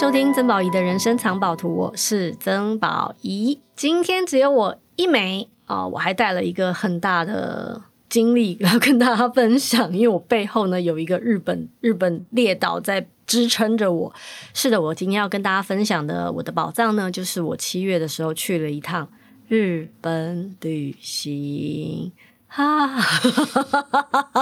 收聽曾寶儀的人生藏寶圖，我是曾寶儀。今天只有我一枚哦，我還帶了一個很大的經歷要跟大家分享，因為我背後呢有一個日本，日本列島在支撐着我。是的，我今天要跟大家分享的我的寶藏呢，就是我七月的時候去了一趟日本旅行。啊，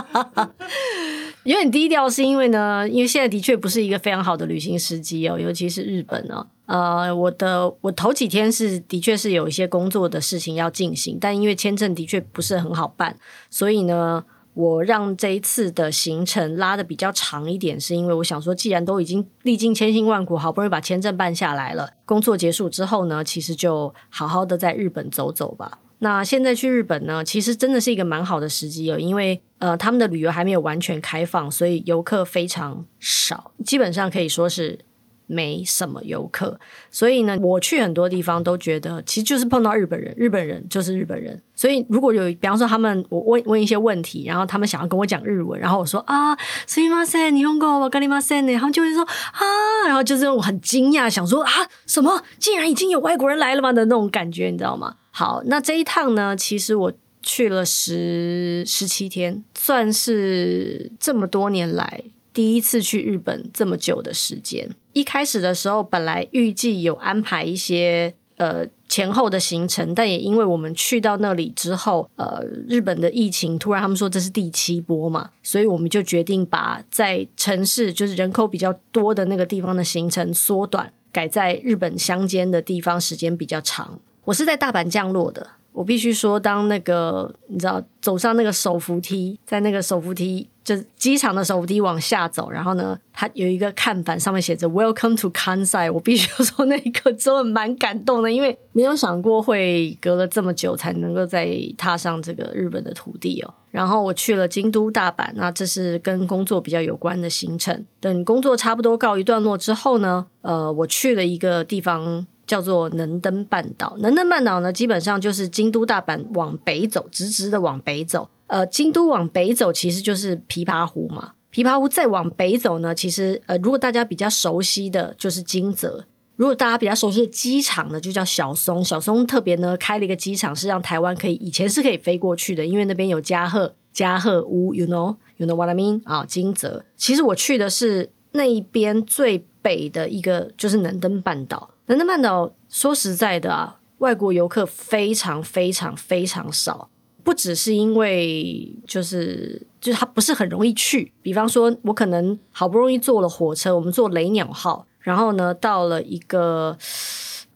有點低調，是因為呢，因為現在的確不是一個非常好的旅行時機哦，尤其是日本呢、哦、呃，我的我頭幾天是的確是有一些工作的事情要進行，但因為簽證的確不是很好辦，所以呢，我讓這一次的行程拉得比較長一點，是因為我想說，既然都已經歷經千辛萬苦，好不容易把簽證辦下來了，工作結束之後呢，其實就好好的在日本走走吧。那現在去日本呢，其實真的是一個蠻好的時機哦，因為呃，他們的旅遊還沒有完全開放，所以遊客非常少，基本上可以說是沒什麼遊客。所以呢，我去很多地方都覺得，其實就是碰到日本人，日本人就是日本人。所以如果有比方說他們我問我問一些問題，然後他們想要跟我講日文，然後我說啊，すみません，日本語わかりませんね，他們就會說啊，然後就是我很驚訝，想說啊，什麼竟然已經有外國人來了嗎的那種感覺，你知道嗎？好，那這一趟呢，其實我去了十，十七天，算是這麼多年來第一次去日本這麼久的時間。一開始的時候，本來預計有安排一些呃前後的行程，但也因為我們去到那裡之後，呃，日本的疫情突然他們說這是第七波嘛，所以我們就決定把在城市就是人口比較多的那個地方的行程縮短，改在日本鄉間的地方時間比較長。我是在大阪降落的。我必須說，當那個你知道走上那個手扶梯，在那個手扶梯就是機場的手扶梯往下走，然後呢，它有一個看板，上面寫着 “Welcome to Kansai”。我必須要說，那個真的蠻感動的，因為沒有想過會隔了這麼久才能夠再踏上這個日本的土地哦。然後我去了京都、大阪，那這是跟工作比較有關的行程。等工作差不多告一段落之後呢，呃，我去了一個地方。叫做能登半島。能登半島呢，基本上就是京都大阪往北走，直直的往北走。呃，京都往北走其實就是琵琶湖嘛。琵琶湖再往北走呢，其實呃，如果大家比較熟悉的就是金澤。如果大家比較熟悉的機場呢，就叫小松。小松特別呢開了一個機場，是讓台灣可以，以前是可以飛過去的，因為那邊有加賀，加賀屋，you know，you know what I mean？啊、哦，金澤。其實我去的是那一邊最北的一個，就是能登半島。南南半島說實在的啊，外國遊客非常非常非常少，不只是因為就是就是它不是很容易去。比方說，我可能好不容易坐了火車，我們坐雷鳥號，然後呢到了一個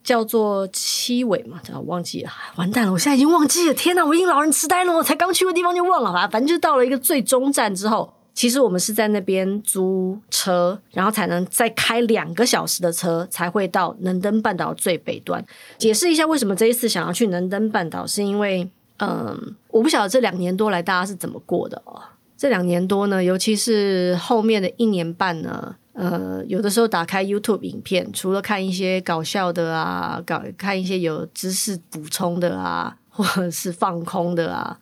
叫做七尾嘛，我忘記了，完蛋了，我現在已經忘記了，天吶，我已經老人痴呆了，我才剛去過地方就忘了吧，反正就到了一個最終站之後。其實我們是在那邊租車，然後才能再開兩個小時的車，才會到能登半島最北端。解釋一下為什麼這一次想要去能登半島，是因為，嗯，我不曉得這兩年多來大家是怎麼過的哦。這兩年多呢，尤其是後面的一年半呢，呃，有的時候打開 YouTube 影片，除了看一些搞笑的啊，搞，看一些有知識補充的啊，或者是放空的啊。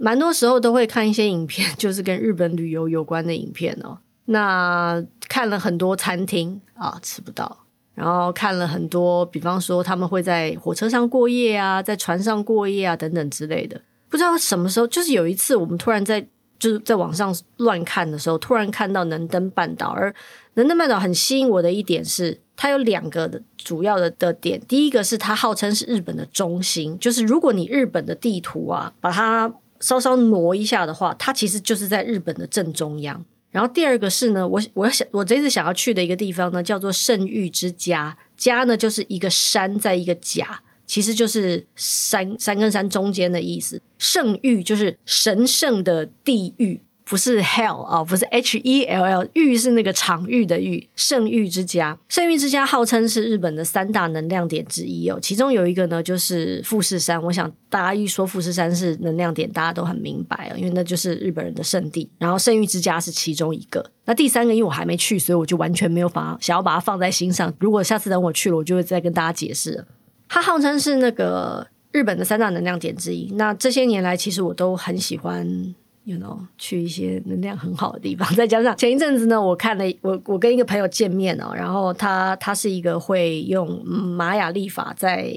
蠻多時候都會看一些影片，就是跟日本旅遊有關的影片哦。那看了很多餐廳啊，吃不到；然後看了很多，比方說他們會在火車上過夜啊，在船上過夜啊等等之類的。不知道什麼時候，就是有一次我們突然在就是在網上亂看的時候，突然看到能登半島。而能登半島很吸引我的一點是，它有兩個的主要的的點。第一個是它號稱是日本的中心，就是如果你日本的地圖啊，把它稍稍挪一下的話，它其實就是在日本的正中央。然後第二個是呢，我我要想我這次想要去的一個地方呢，叫做聖域之岬。岬呢就是一個山在一個甲，其實就是山山跟山中間的意思。聖域就是神聖的地域。不是 Hell 啊，不是 H E L L，域是那個場域的域，聖域之岬，聖域之岬號稱是日本的三大能量點之一哦。其中有一個呢，就是富士山。我想大家一說富士山是能量點，大家都很明白哦，因為那就是日本人的聖地。然後聖域之岬是其中一個。那第三個，因為我還沒去，所以我就完全沒有把想要把它放在心上。如果下次等我去了，我就會再跟大家解釋。它號稱是那個日本的三大能量點之一。那這些年來，其實我都很喜歡。You know，去一些能量很好的地方。再加上前一陣子呢，我看了我我跟一個朋友見面哦、喔，然後他他是一個會用瑪雅曆法在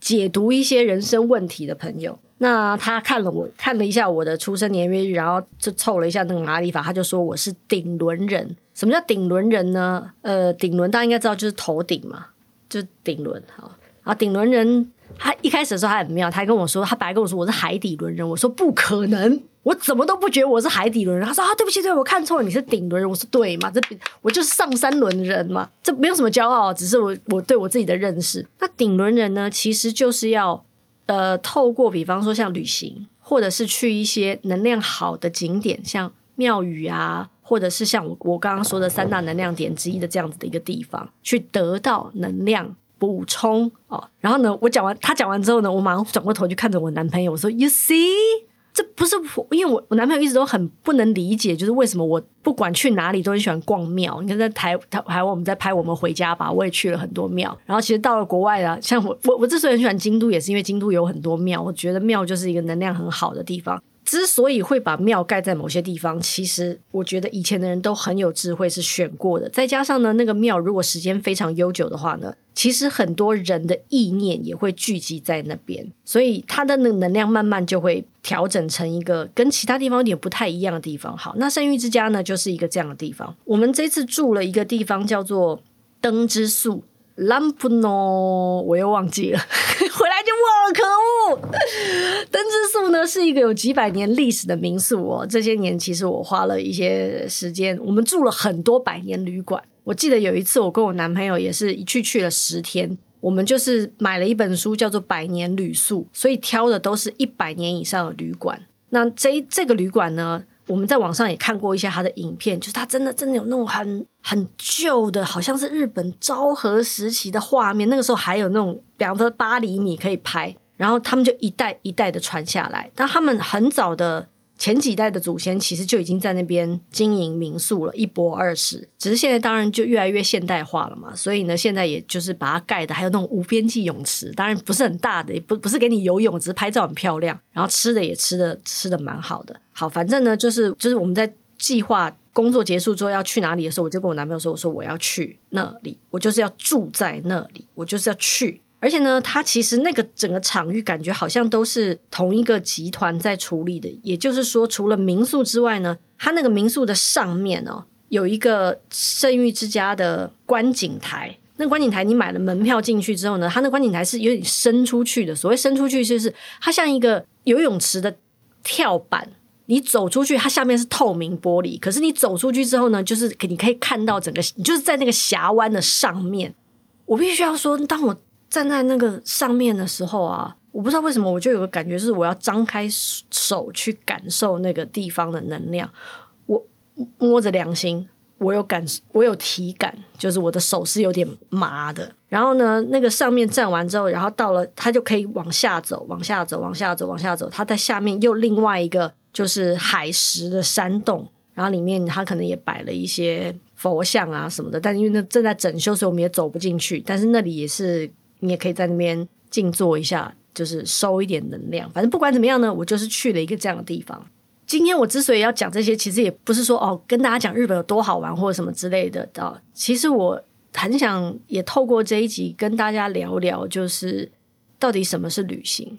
解讀一些人生問題的朋友。那他看了我看了一下我的出生年月日，然後就湊了一下那個瑪雅曆法，他就說我是頂輪人。什麼叫頂輪人呢？呃，頂輪大家應該知道就是頭頂嘛，就頂輪。好，然後頂輪人他一開始的時候還很妙，他還跟我說，他白跟我說我是海底輪人，我說不可能。我怎麼都不覺得我是海底輪人？他說啊，對不起，對我看錯了，你是頂輪人。我說對嘛，這我就是上三輪人嘛，這沒有什麼驕傲，只是我我對我自己的認識。那頂輪人呢，其實就是要呃，透過比方說像旅行，或者是去一些能量好的景點，像廟宇啊，或者是像我我剛剛說的三大能量點之一的這樣子的一個地方，去得到能量補充哦。然後呢，我講完他講完之後呢，我馬上轉過頭去看着我男朋友，我說 You see。這不是因為我我男朋友一直都很不能理解，就是為什麼我不管去哪裡都很喜歡逛廟。你看在台台灣，我們在拍《我們回家》吧，我也去了很多廟。然後其實到了國外啊，像我我我之所以很喜歡京都，也是因為京都有很多廟。我覺得廟就是一個能量很好的地方。之所以會把廟蓋在某些地方，其實我覺得以前的人都很有智慧，是選過的。再加上呢，那個廟如果時間非常悠久的話呢，其實很多人的意念也會聚集在那邊，所以它的那個能量慢慢就會調整成一個跟其他地方有點不太一樣的地方。好，那聖域之岬呢，就是一個這樣的地方。我們這次住了一個地方叫做燈之宿 （Lamp no），我又忘記了。 回來就哇，可惡！登之宿，呢是一個有幾百年歷史的民宿哦。這些年其實我花了一些時間，我們住了很多百年旅館。我記得有一次我跟我男朋友也是一去去了十天，我們就是買了一本書叫做《百年旅宿》，所以挑的都是一百年以上的旅館。那這這個旅館呢？我們在網上也看過一些他的影片，就是他真的真的有那種很很舊的，好像是日本昭和時期的畫面。那個時候還有那種，比方說八厘米可以拍，然後他們就一代一代的傳下來。但他們很早的。前幾代的祖先其實就已經在那邊經營民宿了，一泊二食。只是現在當然就越來越現代化了嘛，所以呢，現在也就是把它蓋的，還有那種無邊際泳池，當然不是很大的，也不不是給你游泳，只是拍照很漂亮。然後吃的也吃的吃的蠻好的。好，反正呢，就是就是我們在計劃工作結束之後要去哪裡的時候，我就跟我男朋友說，我說我要去那裡，我就是要住在那裡，我就是要去。而且呢，它其實那個整個場域感覺好像都是同一個集團在處理的，也就是說，除了民宿之外呢，它那個民宿的上面哦，有一個聖域之岬的觀景台。那觀景台你買了門票進去之後呢，它那個觀景台是有點伸出去的。所謂伸出去就是它像一個游泳池的跳板，你走出去，它下面是透明玻璃，可是你走出去之後呢，就是你可以看到整個，你就是在那個峽灣的上面。我必須要說，當我。站在那個上面的時候啊，我不知道為什麼，我就有個感覺，是我要張開手去感受那個地方的能量。我摸着良心，我有感，我有體感，就是我的手是有點麻的。然後呢，那個上面站完之後，然後到了它就可以往下走，往下走，往下走，往下走。它在下面又另外一個就是海蝕的山洞，然後裡面它可能也擺了一些佛像啊什麼的，但因為那正在整修，所以我們也走不進去。但是那裡也是。你也可以在那邊靜坐一下，就是收一點能量。反正不管怎麼樣呢，我就是去了一個這樣的地方。今天我之所以要講這些，其實也不是說哦，跟大家講日本有多好玩或者什麼之類的。其實我很想也透過這一集跟大家聊聊，就是到底什麼是旅行。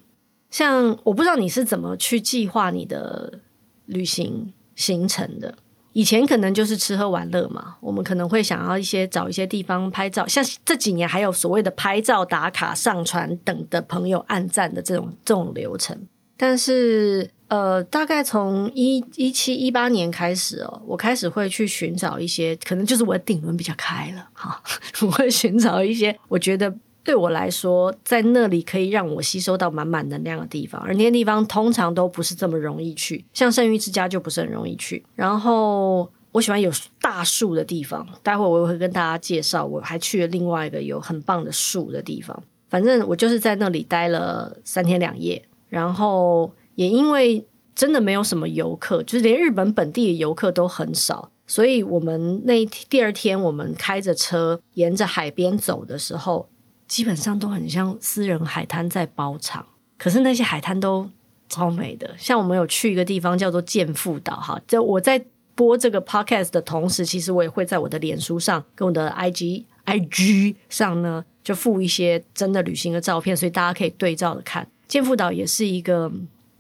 像我不知道你是怎麼去計劃你的旅行行程的。以前可能就是吃喝玩樂嘛，我們可能會想要一些找一些地方拍照，像這幾年還有所謂的拍照打卡、上傳等的朋友按讚的這種這種流程。但是，呃，大概從一一七一八年開始哦、喔，我開始會去尋找一些，可能就是我的頂輪比較開了哈，我會尋找一些我覺得。對我來說，在那裡可以讓我吸收到滿滿能量的地方，而那些地方通常都不是這麼容易去，像聖域之岬就不是很容易去。然後我喜歡有大樹的地方，待會我也會跟大家介紹。我還去了另外一個有很棒的樹的地方，反正我就是在那裡待了三天兩夜。然後也因為真的沒有什麼遊客，就是連日本本地的遊客都很少，所以我們那一天第二天我們開着車沿着海邊走的時候。基本上都很像私人海灘在包場，可是那些海灘都超美的。像我們有去一個地方叫做見附島。哈，就我在播這個 podcast 的同時，其實我也會在我的臉書上跟我的 IG IG 上呢，就附一些真的旅行的照片，所以大家可以對照的看。見附島也是一個，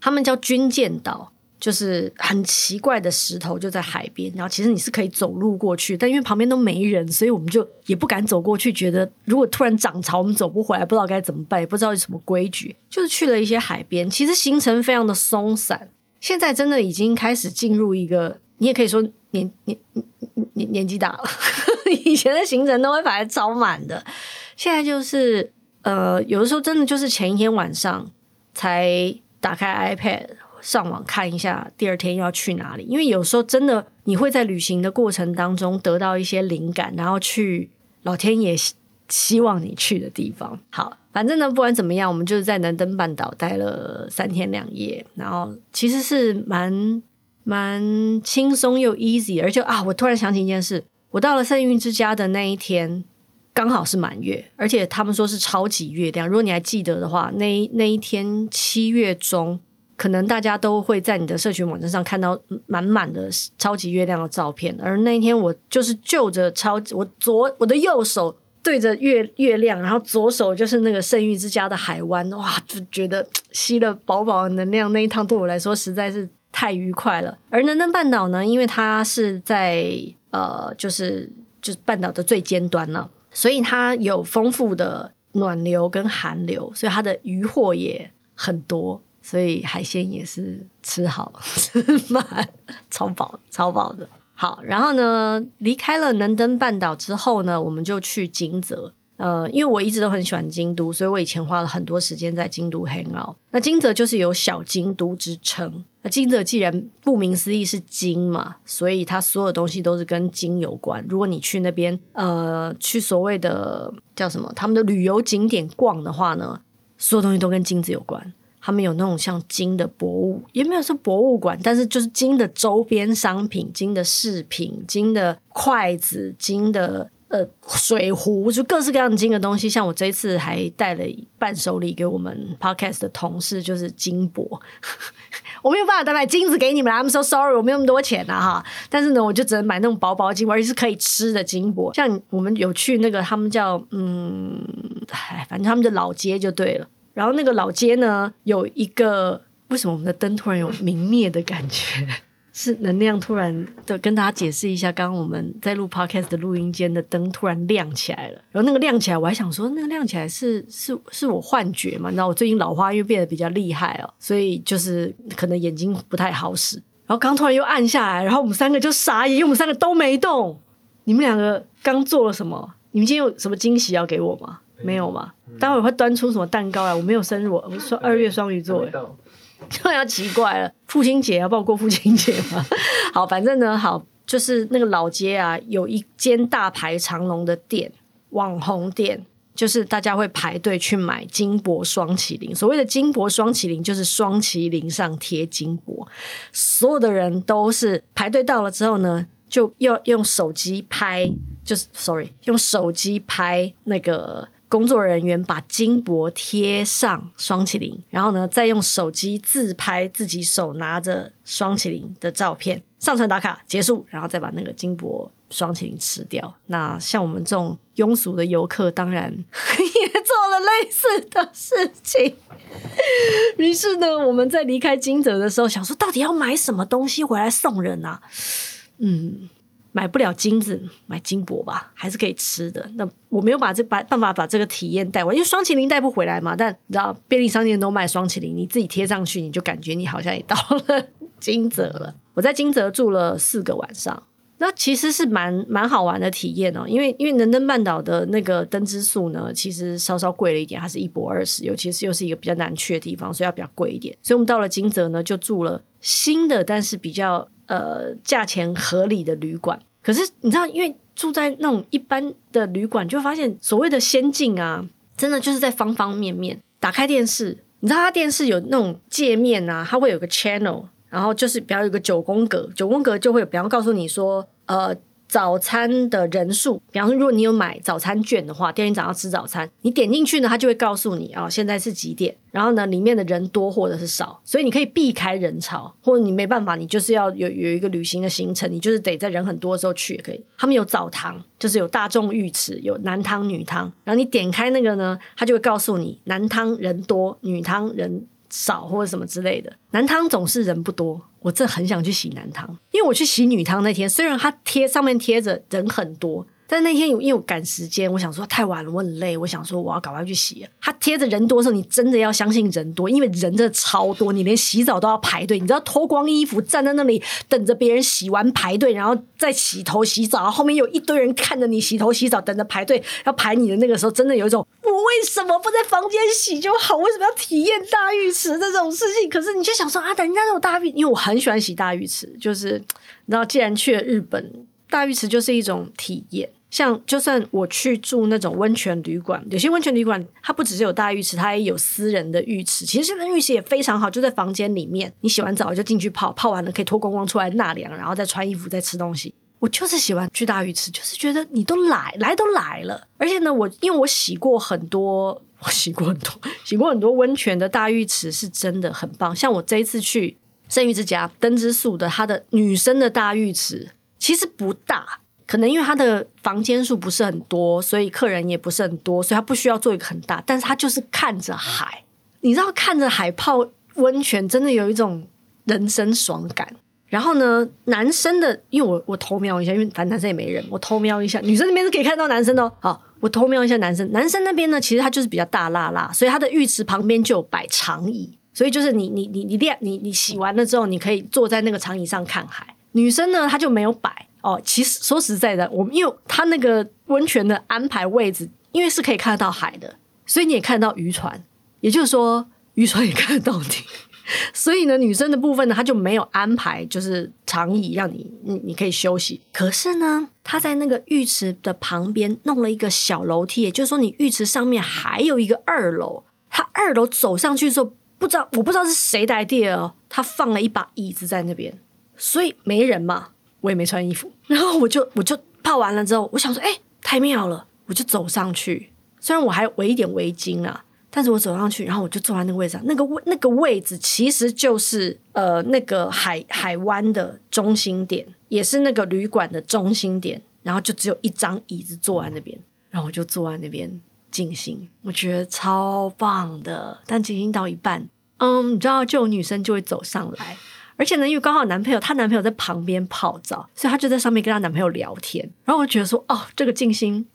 他們叫軍艦島。就是很奇怪的石頭，就在海邊。然後其實你是可以走路過去，但因為旁邊都沒人，所以我們就也不敢走過去。覺得如果突然漲潮，我們走不回來，不知道該怎麼辦，也不知道有什麼規矩。就是去了一些海邊，其實行程非常的鬆散。現在真的已經開始進入一個，嗯、你也可以說年年年年紀大了， 以前的行程都會把它招滿的，現在就是呃，有的時候真的就是前一天晚上才打開 iPad。上網看一下第二天要去哪裡，因為有時候真的你會在旅行的過程當中得到一些靈感，然後去老天爺希望你去的地方。好，反正呢，不管怎麼樣，我們就是在能登半島待了三天兩夜，然後其實是蠻蠻輕鬆又 easy，而且啊，我突然想起一件事，我到了聖域之岬的那一天剛好是滿月，而且他們說是超級月亮。如果你還記得的話，那那一天七月中，可能大家都會在你的社群網站上看到滿滿的超級月亮的照片，而那一天我就是就着超級，我左我的右手對着月月亮，然後左手就是那個聖域之岬的海灣，哇，就覺得吸了飽飽的能量，那一趟對我來說實在是太愉快了。而能登半島呢，因為它是在呃，就是就是半島的最尖端了，所以它有豐富的暖流跟寒流，所以它的漁獲也很多。所以海鮮也是吃好吃滿，超飽超飽的。好，然後呢，離開了能登半島之後呢，我們就去金澤。呃，因為我一直都很喜歡京都，所以我以前花了很多時間在京都 hang out。那金澤就是有小京都之稱。那金澤既然顧名思義是金嘛，所以它所有東西都是跟金有關。如果你去那邊，呃，去所謂的叫什麼他們的旅遊景點逛的話呢，所有東西都跟金子有關。他們有那種像金的博物，也沒有說博物館，但是就是金的周邊商品、金的飾品、金的筷子、金的呃水壺，就各式各樣的金的東西。像我這一次還帶了伴手禮給我們 Podcast 的同事，就是金箔。 我沒有辦法再買金子給你們了，I'm so sorry，我沒有那麼多錢了、啊、哈。但是呢，我就只能買那種薄薄金，而且是可以吃的金箔。像我們有去那個他們叫嗯，哎，反正他們的老街就對了。然後那個老街呢，有一個為什麼我們的燈突然有明滅的感覺？ 是能量突然的，跟大家解釋一下，剛剛我們在錄 podcast 的錄音間的燈突然亮起來了。然後那個亮起來，我還想說，那個亮起來是是是我幻覺嘛？你知道我最近老花又變得比較厲害哦，所以就是可能眼睛不太好使。然後剛突然又暗下來，然後我們三個就傻眼，因為我們三個都沒動。你們兩個剛做了什麼？你們今天有什麼驚喜要給我嗎？沒有嘛、嗯？待會會端出什麼蛋糕來、啊？我沒有生日，我說二月雙魚座，就要奇怪了。父親節要幫我過父親節嗎？ 好，反正呢，好，就是那個老街啊，有一間大排長龍的店，網紅店，就是大家會排隊去買金箔雙麒麟。所謂的金箔雙麒麟，就是雙麒麟上貼金箔，所有的人都是排隊到了之後呢，就要用手機拍，就是 sorry，用手機拍那個。工作人員把金箔貼上霜淇淋，然後呢，再用手機自拍自己手拿着霜淇淋的照片上傳打卡結束，然後再把那個金箔霜淇淋吃掉。那像我們這種庸俗的遊客，當然 也做了類似的事情。於 是呢，我們在離開金澤的時候，想說到底要買什麼東西回來送人啊？嗯。買不了金子，買金箔吧，還是可以吃的。那我沒有把這把辦法把這個體驗帶完，因為霜淇淋帶不回來嘛。但你知道，便利商店都賣霜淇淋，你自己貼上去，你就感覺你好像也到了金澤了。 我在金澤住了四個晚上，那其實是蠻蠻好玩的體驗哦、喔。因為因為能登半島的那個燈之宿呢，其實稍稍貴了一點，它是一泊二食，尤其是又是一個比較難去的地方，所以要比較貴一點。所以我們到了金澤呢，就住了新的，但是比較。呃，價錢合理的旅館，可是你知道，因為住在那種一般的旅館，就發現所謂的先進啊，真的就是在方方面面。打開電視，你知道它電視有那種界面啊，它會有個 channel，然後就是比較有個九宮格，九宮格就會有比方告訴你說，呃。早餐的人數，比方說，如果你有買早餐券的話，第二天早上要吃早餐，你點進去呢，它就會告訴你啊、哦，現在是幾點，然後呢，裡面的人多或者是少，所以你可以避開人潮，或者你沒辦法，你就是要有有一個旅行的行程，你就是得在人很多的時候去也可以。他們有澡堂，就是有大眾浴池，有男湯女湯，然後你點開那個呢，它就會告訴你男湯人多，女湯人。少或者什麼之類的，男湯總是人不多。我真的很想去洗男湯，因為我去洗女湯那天，雖然它貼上面貼着人很多。但那天因為我趕時間，我想說太晚了，我很累。我想說我要趕快去洗。它貼着人多的時候，你真的要相信人多，因為人真的超多，你連洗澡都要排隊。你知道脫光衣服站在那裡等着別人洗完排隊，然後再洗頭洗澡，然後後面有一堆人看着你洗頭洗澡，等着排隊要排你的那個時候，真的有一種我為什麼不在房間洗就好？為什麼要體驗大浴池這種事情？可是你就想說啊，等人家那種大浴，因為我很喜歡洗大浴池，就是你知道，既然去了日本，大浴池就是一種體驗。像就算我去住那種溫泉旅館，有些溫泉旅館它不只是有大浴池，它也有私人的浴池。其實那個浴池也非常好，就在房間裡面，你洗完澡就進去泡，泡完了可以脫光光出來納涼，然後再穿衣服再吃東西。我就是喜歡去大浴池，就是覺得你都來，來都來了，而且呢，我因為我洗過很多，我洗過很多，洗過很多溫泉的大浴池，是真的很棒。像我這一次去聖域之岬燈之宿的，它的女生的大浴池其實不大。可能因為他的房間數不是很多，所以客人也不是很多，所以他不需要做一個很大。但是他就是看着海，你知道看着海泡溫泉，真的有一種人生爽感。然後呢，男生的，因為我我偷瞄一下，因為反正男生也沒人，我偷瞄一下，女生那邊是可以看到男生的哦。好，我偷瞄一下男生，男生那邊呢，其實他就是比較大剌剌，所以他的浴池旁邊就有擺長椅，所以就是你你你你練你你洗完了之後，你可以坐在那個長椅上看海。女生呢，她就沒有擺。哦，其實說實在的，我們因為他那個溫泉的安排位置，因為是可以看得到海的，所以你也看得到漁船，也就是說漁船也看得到你。所以呢，女生的部分呢，她就沒有安排就是長椅讓你你，你可以休息。可是呢，她在那個浴池的旁邊弄了一個小樓梯，也就是說你浴池上面還有一個二樓。她二樓走上去的時候，不知道我不知道是誰的 idea 哦，她放了一把椅子在那邊，所以沒人嘛。我也沒穿衣服，然後我就我就泡完了之後，我想說，哎、欸，太妙了！我就走上去，雖然我還圍一點圍巾啊，但是我走上去，然後我就坐在那個位置上。那個位那個位置其實就是呃那個海海灣的中心點，也是那個旅館的中心點，然後就只有一張椅子坐在那邊，然後我就坐在那邊靜心，我覺得超棒的。但靜心到一半，嗯，你知道，就有女生就會走上來，而且呢，因為剛好男朋友，她男朋友在旁邊泡澡，所以她就在上面跟她男朋友聊天。然後我覺得說，哦，這個靜心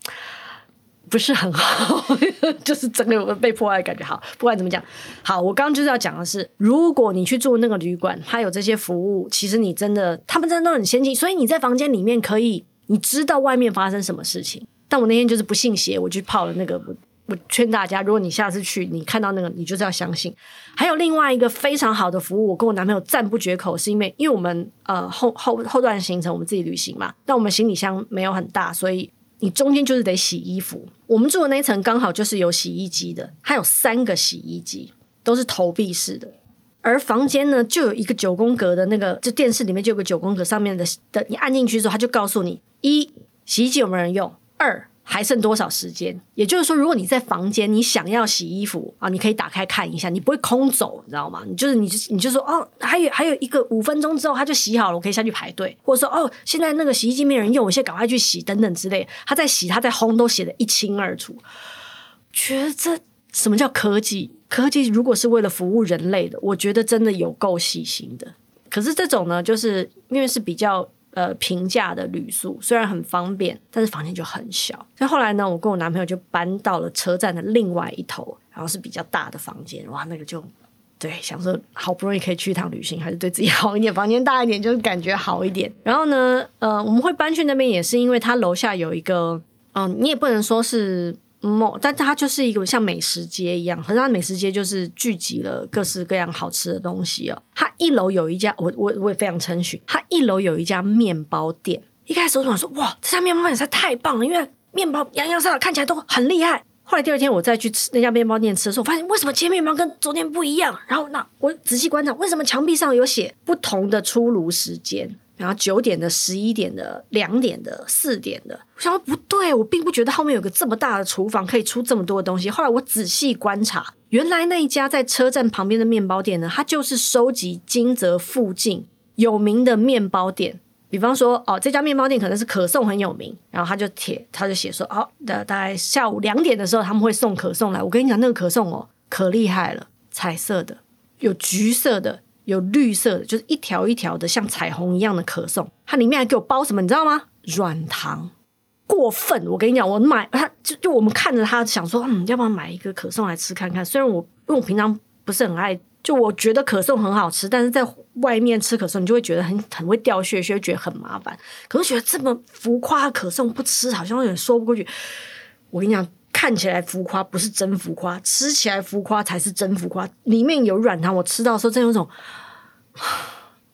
不是很好， 就是整個被破壞的感覺。好，不管怎麼講，好，我剛剛就是要講的是，如果你去住那個旅館，它有這些服務，其實你真的他們真的都很先進，所以你在房間裡面可以，你知道外面發生什麼事情。但我那天就是不信邪，我去泡了那個。我勸大家，如果你下次去，你看到那個，你就是要相信。還有另外一個非常好的服務，我跟我男朋友讚不絕口，是因為因為我們呃後後後段行程我們自己旅行嘛，但我們行李箱沒有很大，所以你中間就是得洗衣服。我們住的那一層剛好就是有洗衣機的，它有三個洗衣機，都是投幣式的。而房間呢，就有一個九宮格的那個，就電視裡面就有個九宮格，上面的的你按進去之後，他就告訴你一，洗衣機有沒有人用，二。還剩多少時間？也就是說，如果你在房間，你想要洗衣服啊，你可以打開看一下，你不會空走，你知道嗎？你就是，你就，你就說哦，還有還有一個五分鐘之後，他就洗好了，我可以下去排隊，或者說哦，現在那個洗衣機沒有人用，我現在趕快去洗，等等之類的。他在洗，他在烘，都寫得一清二楚。覺得這什麼叫科技？科技如果是為了服務人類的，我覺得真的有夠細心的。可是這種呢，就是因為是比較。呃，平價的旅宿雖然很方便，但是房間就很小。所以後來呢，我跟我男朋友就搬到了車站的另外一頭，然後是比較大的房間。哇，那個就對，想說好不容易可以去一趟旅行，還是對自己好一點，房間大一點，就是感覺好一點。然後呢，呃，我們會搬去那邊也是因為他樓下有一個，嗯，你也不能說是。嗯，但它就是一個像美食街一樣，可是它美食街就是聚集了各式各樣好吃的東西哦。它一樓有一家，我我我也非常稱許，它一樓有一家麵包店。一開始我想說，哇，這家麵包店實在太棒了，因為麵包洋洋灑灑看起來都很厲害。後來第二天我再去吃那家麵包店吃的時候，我發現為什麼今天麵包跟昨天不一樣？然後那我仔細觀察，為什麼牆壁上有寫不同的出爐時間？然後九點的、十一點的、兩點的、四點的，我想說不對，我並不覺得後面有個這麼大的廚房可以出這麼多的東西。後來我仔細觀察，原來那一家在車站旁邊的面包店呢，它就是收集金澤附近有名的面包店，比方說哦，這家麵包店可能是可頌很有名，然後他就貼，他就寫說哦，大大概下午兩點的時候他們會送可頌來。我跟你講那個可頌哦，可厲害了，彩色的，有橘色的。有綠色的，就是一條一條的，像彩虹一樣的可頌，它裡面還給我包什麼，你知道嗎？軟糖，過分！我跟你講，我買它、啊、就就我們看着它，想說，嗯，要不要買一個可頌來吃看看？雖然我因為我平常不是很愛，就我覺得可頌很好吃，但是在外面吃可頌，你就會覺得很很會掉屑，會覺得很麻煩。可是覺得這麼浮誇的可頌不吃，好像有點說不過去。我跟你講。看起來浮誇不是真浮誇，吃起來浮誇才是真浮誇。裡面有軟糖，我吃到時候真有種，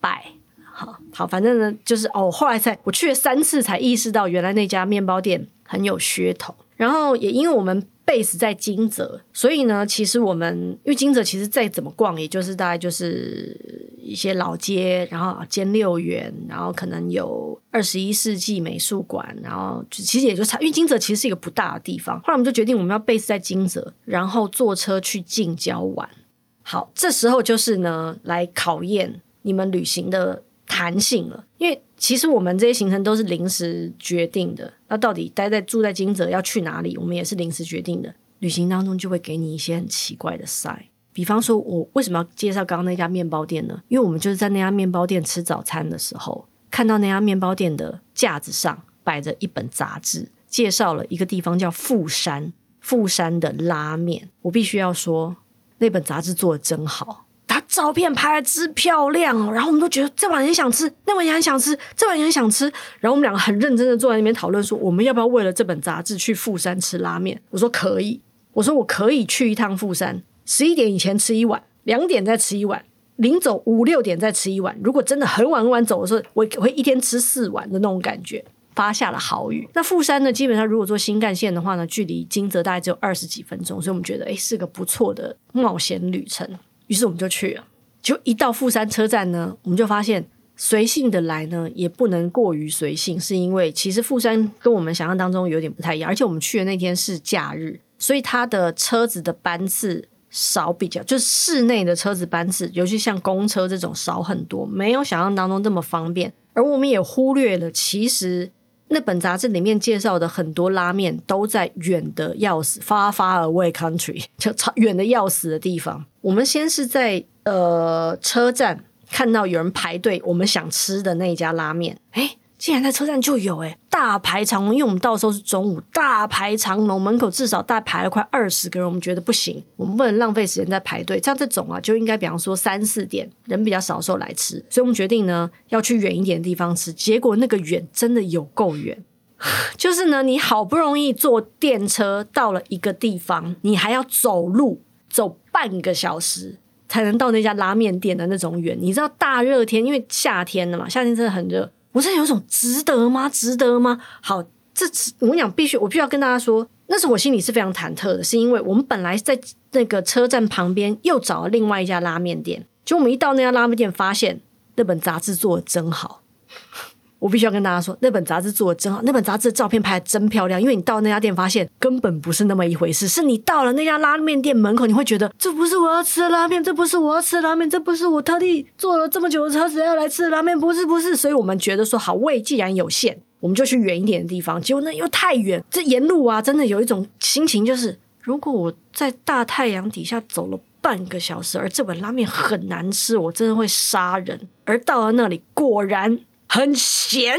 擺，好好，反正呢就是哦。後來才我去了三次才意識到，原來那家麵包店很有噱頭。然後也因為我們。base 在金澤，所以呢，其實我們，因為金澤其實再怎麼逛，也就是大概就是一些老街，然後兼六園，然後可能有二十一世紀美術館，然後其實也就差。因為金澤其實是一個不大的地方，後來我們就決定我們要 base 在金澤，然後坐車去近郊玩。好，這時候就是呢，來考驗你們旅行的彈性了，因為。其實我們這些行程都是臨時決定的，那到底待在住在金澤要去哪裡，我們也是臨時決定的。旅行當中就會給你一些很奇怪的 sign，比方說我為什麼要介紹剛剛那家麵包店呢？因為我們就是在那家麵包店吃早餐的時候，看到那家麵包店的架子上擺着一本雜誌，介紹了一個地方叫富山，富山的拉麵。我必須要說，那本雜誌做得真好。啊、照片拍的真漂亮哦，然後我們都覺得這碗也很想吃，那碗也很想吃，這碗也很想吃。然後我們兩個很認真的坐在那邊討論，說我們要不要為了這本雜誌去富山吃拉麵？我說可以，我說我可以去一趟富山，十一點以前吃一碗，兩點再吃一碗，臨走五六點再吃一碗。如果真的很晚很晚走的時候，我會一天吃四碗的那種感覺。發下了豪語，那富山呢？基本上如果坐新幹線的話呢，距離金澤大概只有二十幾分鐘，所以我們覺得誒，是個不錯的冒險旅程。於是我們就去了，就一到富山車站呢，我們就發現隨性的來呢也不能過於隨性，是因為其實富山跟我們想象當中有點不太一樣，而且我們去的那天是假日，所以它的車子的班次少，比較就是市內的車子班次，尤其像公車這種少很多，沒有想象當中這麼方便，而我們也忽略了其實。那本雜誌裡面介紹的很多拉面都在遠的要死，far far away country，就遠的要死的地方。我們先是在呃車站看到有人排隊，我們想吃的那家拉麵，欸竟然在車站就有哎、欸，大排長龍，因為我們到時候是中午，大排長龍，門口至少大概排了快二十個人，我們覺得不行，我們不能浪費時間在排隊。像這種啊，就應該比方說三四點人比較少的時候來吃，所以我們決定呢要去遠一點的地方吃。結果那個遠真的有夠遠，就是呢，你好不容易坐電車到了一個地方，你還要走路走半個小時才能到那家拉面店的那種遠。你知道大熱天，因為夏天了嘛，夏天真的很熱。我現在有種值得嗎？值得嗎？好，這我跟你講，必須，我必須要跟大家說，那是我心裡是非常忐忑的，是因為我們本來在那個車站旁邊又找了另外一家拉麵店，結果我們一到那家拉麵店，發現那本雜誌做的真好。我必須要跟大家說，那本雜誌做得真好，那本雜誌的照片拍得真漂亮。因為你到那家店，發現根本不是那麼一回事。是你到了那家拉麵店門口，你會覺得這不是我要吃的拉麵，這不是我要吃的拉麵，這不是我特地坐了這麼久的車子要來吃的拉麵，不是不是。所以我們覺得說，好，胃既然有限，我們就去遠一點的地方。結果那又太遠，這沿路啊，真的有一種心情，就是如果我在大太陽底下走了半個小時，而這碗拉麵很難吃，我真的會殺人。而到了那裡，果然。很鹹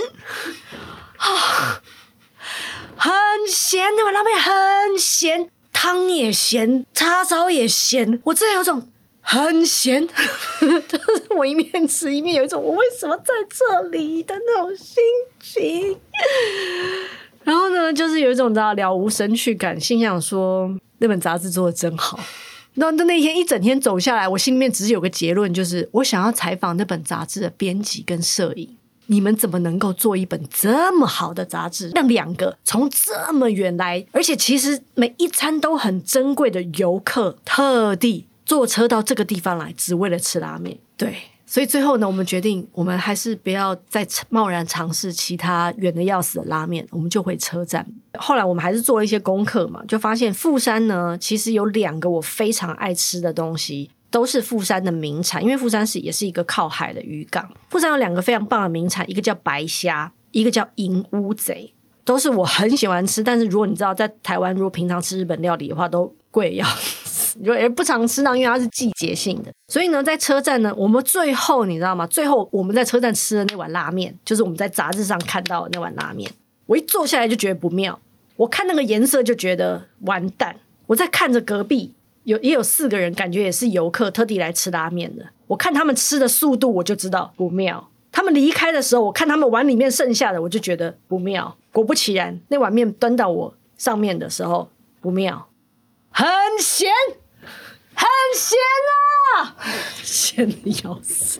啊、哦！很鹹，那碗拉面很鹹，湯也鹹，叉燒也鹹。我真的有種很鹹，呵呵就是、我一面吃一面有一種我為什麼在這裡的那種心情。然後呢，就是有一種知道了無生趣感，心想說那本雜誌做的真好。那那那天一整天走下來，我心裡面只是有個結論，就是我想要採訪那本雜誌的編輯跟攝影。你們怎麼能夠做一本這麼好的雜誌？讓兩個從這麼遠來，而且其實每一餐都很珍貴的遊客，特地坐車到這個地方來，只為了吃拉麵。對，所以最後呢，我們決定，我們還是不要再貿然嘗試其他遠的要死的拉麵，我們就回車站。後來我們還是做了一些功課嘛，就發現富山呢，其實有兩個我非常愛吃的東西。都是富山的名產，因為富山是也是一個靠海的漁港。富山有兩個非常棒的名產，一個叫白蝦，一個叫銀烏賊，都是我很喜歡吃。但是如果你知道在台灣，如果平常吃日本料理的話，都貴要死，也不常吃呢，因為它是季節性的。所以呢，在車站呢，我們最後你知道嗎？最後我們在車站吃的那碗拉麵，就是我們在雜誌上看到的那碗拉麵。我一坐下來就覺得不妙，我看那個顏色就覺得完蛋。我在看着隔壁。有也有四個人，感覺也是遊客特地來吃拉麵的。我看他們吃的速度，我就知道不妙。他們離開的時候，我看他們碗裡面剩下的，我就覺得不妙。果不其然，那碗麵端到我上面的時候，不妙，很鹹，很鹹啊，鹹的要死。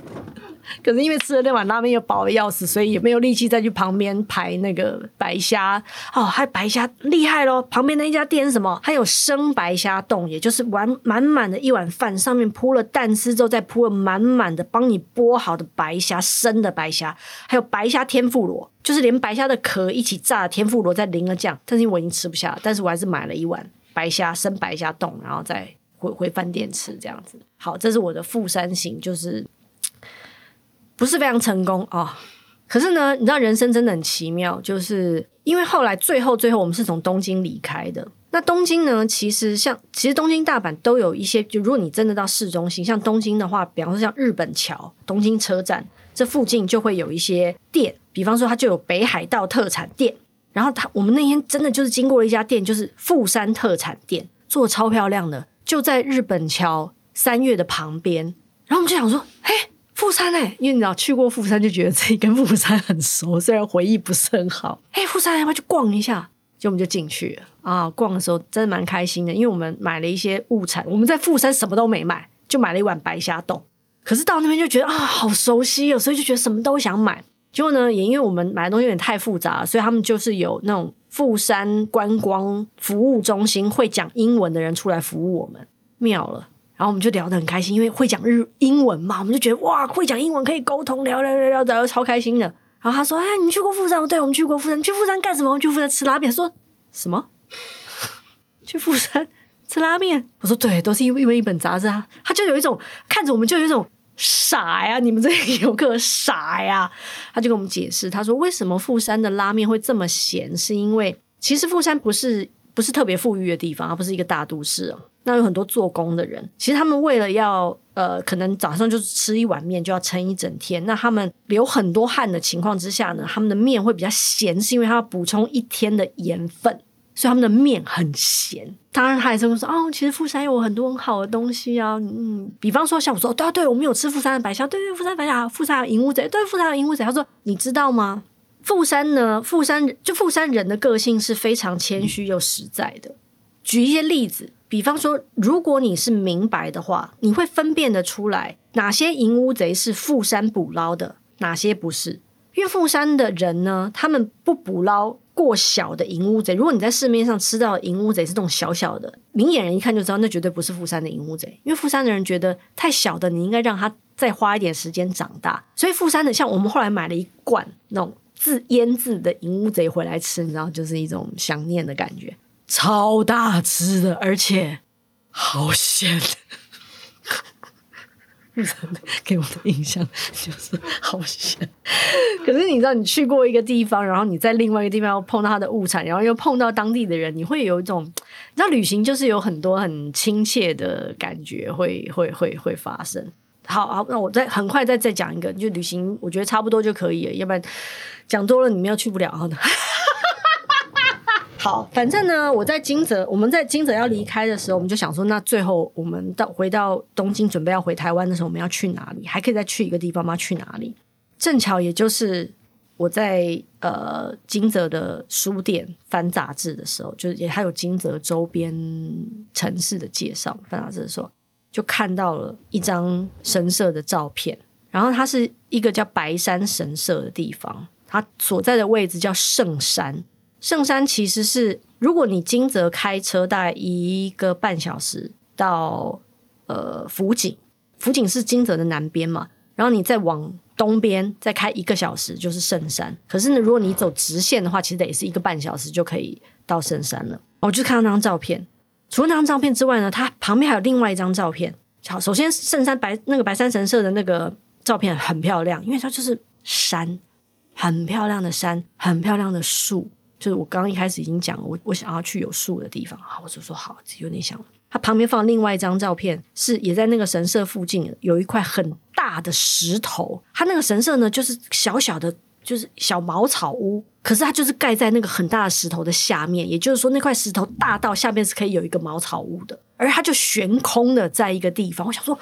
可是因為吃了那碗拉麵又飽得要死，所以也沒有力氣再去旁邊排那個白蝦哦。還有白蝦厲害咯，旁邊那一家店是什麼？還有生白蝦丼，也就是滿滿的一碗飯上面鋪了蛋絲之後，再鋪了滿滿的幫你剝好的白蝦，生的白蝦，還有白蝦天婦羅，就是連白蝦的殼一起炸的天婦羅，再淋了醬。但是我已經吃不下了，但是我還是買了一碗白蝦生白蝦丼，然後再回回飯店吃這樣子。好，這是我的富山行，就是。不是非常成功啊、哦，可是呢，你知道人生真的很奇妙，就是因為後來最後最後我們是從東京離開的。那東京呢，其實像其實東京、大阪都有一些，就如果你真的到市中心，像東京的話，比方說像日本橋、東京車站這附近就會有一些店，比方說它就有北海道特產店。然後它我們那天真的就是經過了一家店，就是富山特產店，做的超漂亮的，就在日本橋三越的旁邊。然後我們就想說，嘿。富山呢、欸，因為你知道去過富山，就覺得自己跟富山很熟，雖然回憶不是很好。誒、欸、富山要、欸、不要去逛一下？就我們就進去了啊，逛的時候真的蠻開心的，因為我們買了一些物產。我們在富山什麼都沒買，就買了一碗白蝦凍。可是到那邊就覺得啊，好熟悉、喔，所以就覺得什麼都想買。結果呢，也因為我們買的東西有點太複雜了，所以他們就是有那種富山觀光服務中心會講英文的人出來服務我們，妙了。然後我們就聊得很開心，因為會講日英文嘛，我們就覺得哇，會講英文可以溝通，聊聊聊聊，聊，聊超開心的。然後他說：“哎，你去過富山？對，我們去過富山。你去富山幹什麼？我們去富山吃拉麵。”他說，“說什麼？ 去富山吃拉麵？我說對，都是因為一本雜誌啊。他就有一種看着我們就有一種傻呀，你們這些遊客傻呀。他就跟我們解釋，他說為什麼富山的拉麵會這麼鹹，是因為其實富山不是，不是特別富裕的地方，而不是一個大都市啊，那有很多做工的人，其實他們為了要呃，可能早上就是吃一碗麵就要撐一整天。那他們流很多汗的情況之下呢，他們的麵會比較鹹，是因為他要補充一天的鹽分，所以他們的麵很鹹。當然他，他也這麼說哦，其實富山有很多很好的東西啊，嗯，比方說像我說，哦，對啊，對，我們有吃富山的白蝦，對富山白蝦，富山的銀烏賊，對，富山的銀烏賊。他說，你知道嗎？富山呢？富山就富山人的個性是非常謙虛又實在的。舉一些例子，比方說，如果你是明白的話，你會分辨得出來哪些螢烏賊是富山捕撈的，哪些不是。因為富山的人呢，他們不捕撈過小的螢烏賊。如果你在市面上吃到螢烏賊是這種小小的，明眼人一看就知道，那絕對不是富山的螢烏賊，因為富山的人覺得太小的，你應該讓他再花一點時間長大。所以富山的，像我們後來買了一罐那種。自醃製的銀烏賊回來吃，你知道，就是一種想念的感覺。超大隻的，而且好鹹。物 給我的印象就是好鹹。 可是你知道，你去過一個地方，然後你在另外一個地方要碰到它的物產，然後又碰到當地的人，你會有一種，你知道，旅行就是有很多很親切的感覺會，會會會會發生。好，好，那我再很快再再講一個，就旅行，我覺得差不多就可以了，要不然講多了你們又去不了。好的 好，反正呢，我在金澤，我們在金澤要離開的時候，我們就想說，那最後我們到回到東京，準備要回台灣的時候，我們要去哪裡？還可以再去一個地方嗎？去哪裡？正巧也就是我在呃金澤的書店翻雜誌的時候，就是也還有金澤周邊城市的介紹，翻雜誌的時候。就看到了一張神社的照片，然後它是一個叫白山神社的地方，它所在的位置叫聖山。聖山其實是，如果你金澤開車大概一個半小時到呃福井，福井是金澤的南邊嘛，然後你再往東邊再開一個小時就是聖山。可是呢，如果你走直線的話，其實得也是一個半小時就可以到聖山了。我就看到那張照片。除了那張照片之外呢，它旁邊還有另外一張照片。好，首先聖山白那個白山神社的那個照片很漂亮，因為它就是山，很漂亮的山，很漂亮的樹。就是我剛一開始已經講了，我我想要去有樹的地方好，我就說，說好，有點像。它旁邊放另外一張照片，是也在那個神社附近有一塊很大的石頭。它那個神社呢，就是小小的，就是小茅草屋。可是它就是蓋在那個很大的石頭的下面，也就是說那塊石頭大到下面是可以有一個茅草屋的，而它就懸空的在一個地方。我想說，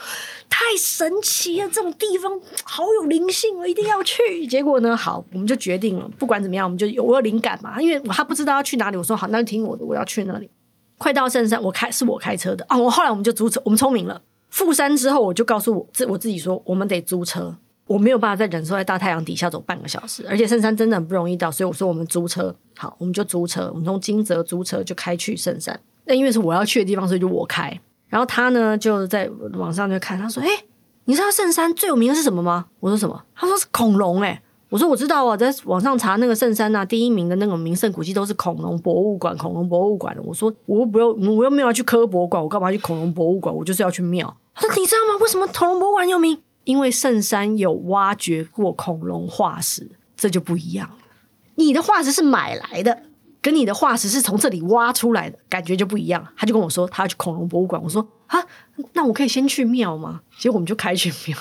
太神奇了，這種地方好有靈性，我一定要去。結果呢，好，我們就決定了，不管怎麼樣，我們就有我有靈感嘛，因為他不知道要去哪裡，我說好，那就聽我的，我要去那裡。快到聖山，我開是我開車的啊。我後來我們就租車，我們聰明了，富山之後我就告訴我自我自己說，我們得租車。我沒有辦法再忍受在大太陽底下走半個小時，而且勝山真的很不容易到，所以我說我們租車，好，我們就租車，我們從金澤租車就開去勝山。那因為是我要去的地方，所以就我開。然後他呢就在網上就看，他說：“哎、欸，你知道勝山最有名的是什麼嗎？”我說：“什麼？”他說：“是恐龍。”哎，我說：“我知道啊，在網上查那個勝山啊，第一名的那個名勝古跡都是恐龍博物館，恐龍博物館。”我說我：“我又不用，我又沒有要去科博物館，我幹嘛去恐龍博物館？我就是要去廟。”他說：“你知道嗎？為什麼恐龍博物館有名？”因為聖山有挖掘過恐龍化石，這就不一樣。你的化石是買來的，跟你的化石是從這裡挖出來的，感覺就不一樣。他就跟我說，他要去恐龍博物館。我說啊，那我可以先去廟嗎？結果我們就開去廟，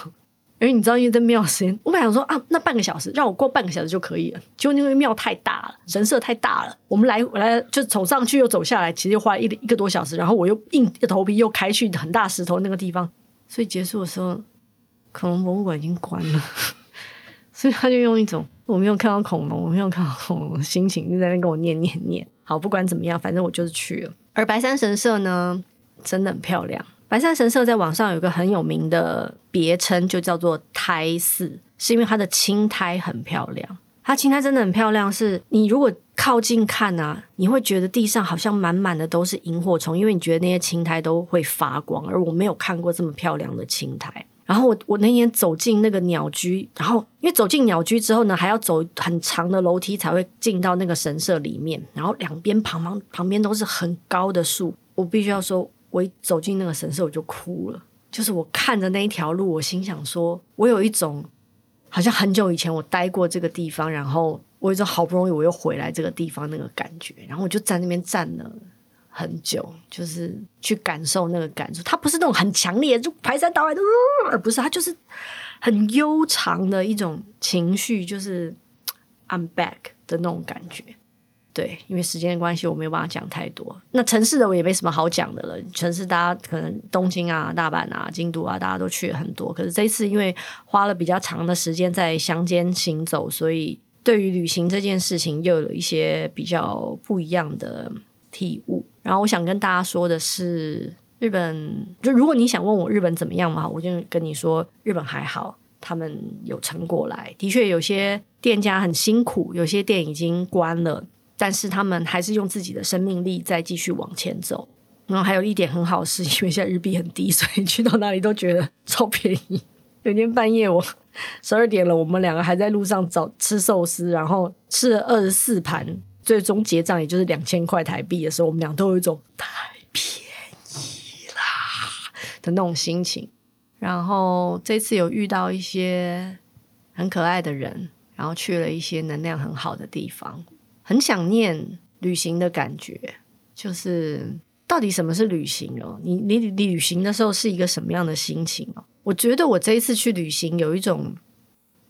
因為你知道，因為在廟時間，我本想說啊，那半個小時，讓我過半個小時就可以了。結果因為廟太大了，神社太大了，我們來回來就走上去又走下來，其實又花了一一個多小時。然後我又硬着頭皮又開去很大石頭那個地方，所以結束的時候。恐龍博物館已經關了， 所以他就用一種我沒有看到恐龍，我沒有看到恐龍的心情，就在那跟我念念念。好，不管怎麼樣，反正我就是去了。而白山神社呢，真的很漂亮。白山神社在網上有一個很有名的別稱，就叫做苔寺，是因為它的青苔很漂亮。它青苔真的很漂亮是，是你如果靠近看啊，你會覺得地上好像滿滿的都是螢火蟲，因為你覺得那些青苔都會發光。而我沒有看過這麼漂亮的青苔。然後我我那天走進那個鳥居，然後因為走進鳥居之後呢，還要走很長的樓梯才會進到那個神社裡面。然後兩邊旁旁旁邊都是很高的樹，我必須要說，我一走進那個神社我就哭了。就是我看着那一條路，我心想說，我有一種好像很久以前我待過這個地方，然後我有種好不容易我又回來這個地方那個感覺，然後我就在那邊站了。很久，就是去感受那個感受，它不是那種很強烈就排山倒海的，呃，不是，它就是很悠長的一種情緒，就是 I'm back 的那種感覺。對，因為時間的關係，我沒有辦法講太多。那城市的我也沒什麼好講的了，城市大家可能東京啊、大阪啊、京都啊，大家都去了很多。可是這一次因為花了比較長的時間在鄉間行走，所以對於旅行這件事情，又有一些比較不一樣的體悟。然後我想跟大家說的是，日本，就如果你想問我日本怎麼樣嘛，我就跟你說，日本還好，他們有撐過來。的確有些店家很辛苦，有些店已經關了，但是他們還是用自己的生命力在繼續往前走。然後還有一點很好是，因為現在日幣很低，所以去到哪裡都覺得超便宜。 有天半夜我十二點了，我們兩個還在路上找吃壽司，然後吃了二十四盤。最終結賬也就是兩千塊台幣的時候，我們倆都有一種太便宜啦的那種心情。然後這次有遇到一些很可愛的人，然後去了一些能量很好的地方，很想念旅行的感覺。就是到底什麼是旅行哦？你你旅行的時候是一個什麼樣的心情哦？我覺得我這一次去旅行有一種。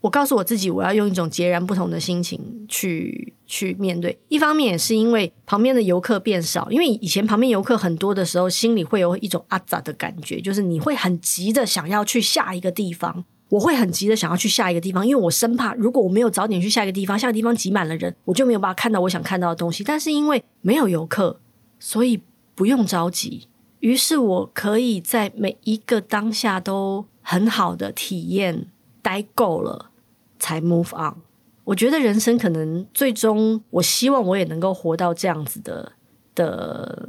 我告訴我自己，我要用一種截然不同的心情去去面對。一方面也是因為旁邊的遊客變少，因為以前旁邊遊客很多的時候，心裡會有一種阿雜的感覺，就是你會很急的想要去下一個地方。我會很急的想要去下一個地方，因為我生怕如果我沒有早點去下一個地方，下一個地方擠滿了人，我就沒有辦法看到我想看到的東西。但是因為沒有遊客，所以不用着急。於是，我可以在每一個當下都很好的體驗，待夠了。才 move on。我覺得人生可能最終，我希望我也能夠活到這樣子的的，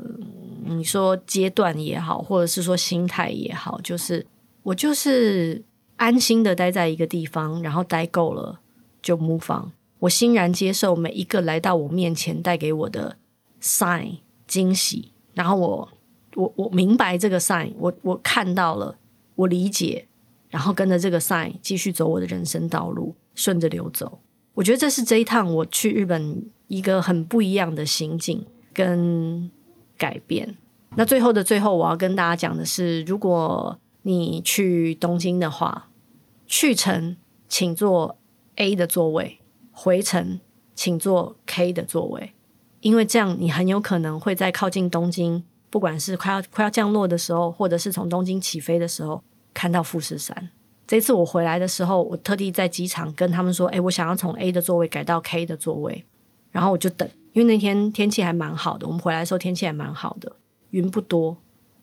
你說階段也好，或者是說心態也好，就是我就是安心的待在一個地方，然後待夠了就 move on。我欣然接受每一個來到我面前帶給我的 sign、驚喜，然後我我我明白這個 sign，我我看到了，我理解，然後跟着這個 sign 繼續走我的人生道路。順着流走，我覺得這是這一趟我去日本一個很不一樣的心境跟改變。那最後的最後，我要跟大家講的是，如果你去東京的話，去程請坐 A 的座位，回程請坐 K 的座位，因為這樣你很有可能會在靠近東京，不管是快要快要降落的時候，或者是從東京起飛的時候，看到富士山。這次我回來的時候，我特地在機場跟他們說：“哎，我想要從 A 的座位改到 K 的座位。”然後我就等，因為那天天氣還蠻好的。我們回來的時候天氣還蠻好的，雲不多，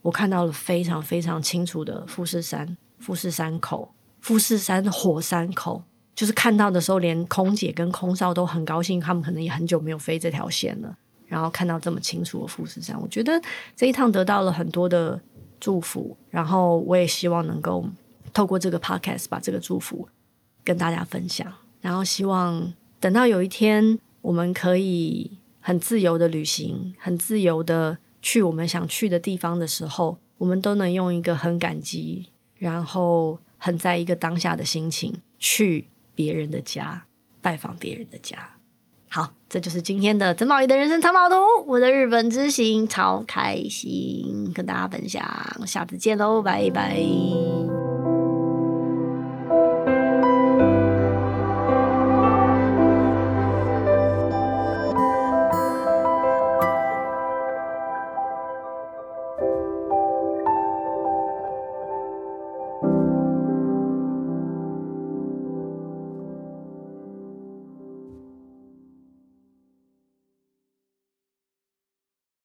我看到了非常非常清楚的富士山、富士山口、富士山火山口。就是看到的時候，連空姐跟空少都很高興，他們可能也很久沒有飛這條線了，然後看到這麼清楚的富士山。我覺得這一趟得到了很多的祝福，然後我也希望能夠。透過這個 podcast 把這個祝福跟大家分享，然後希望等到有一天我們可以很自由的旅行，很自由的去我們想去的地方的時候，我們都能用一個很感激，然後很在一個當下的心情去別人的家拜訪別人的家。好，這就是今天的曾寶儀的人生藏寶圖，我的日本之行超開心，跟大家分享，下次見嘍，拜拜。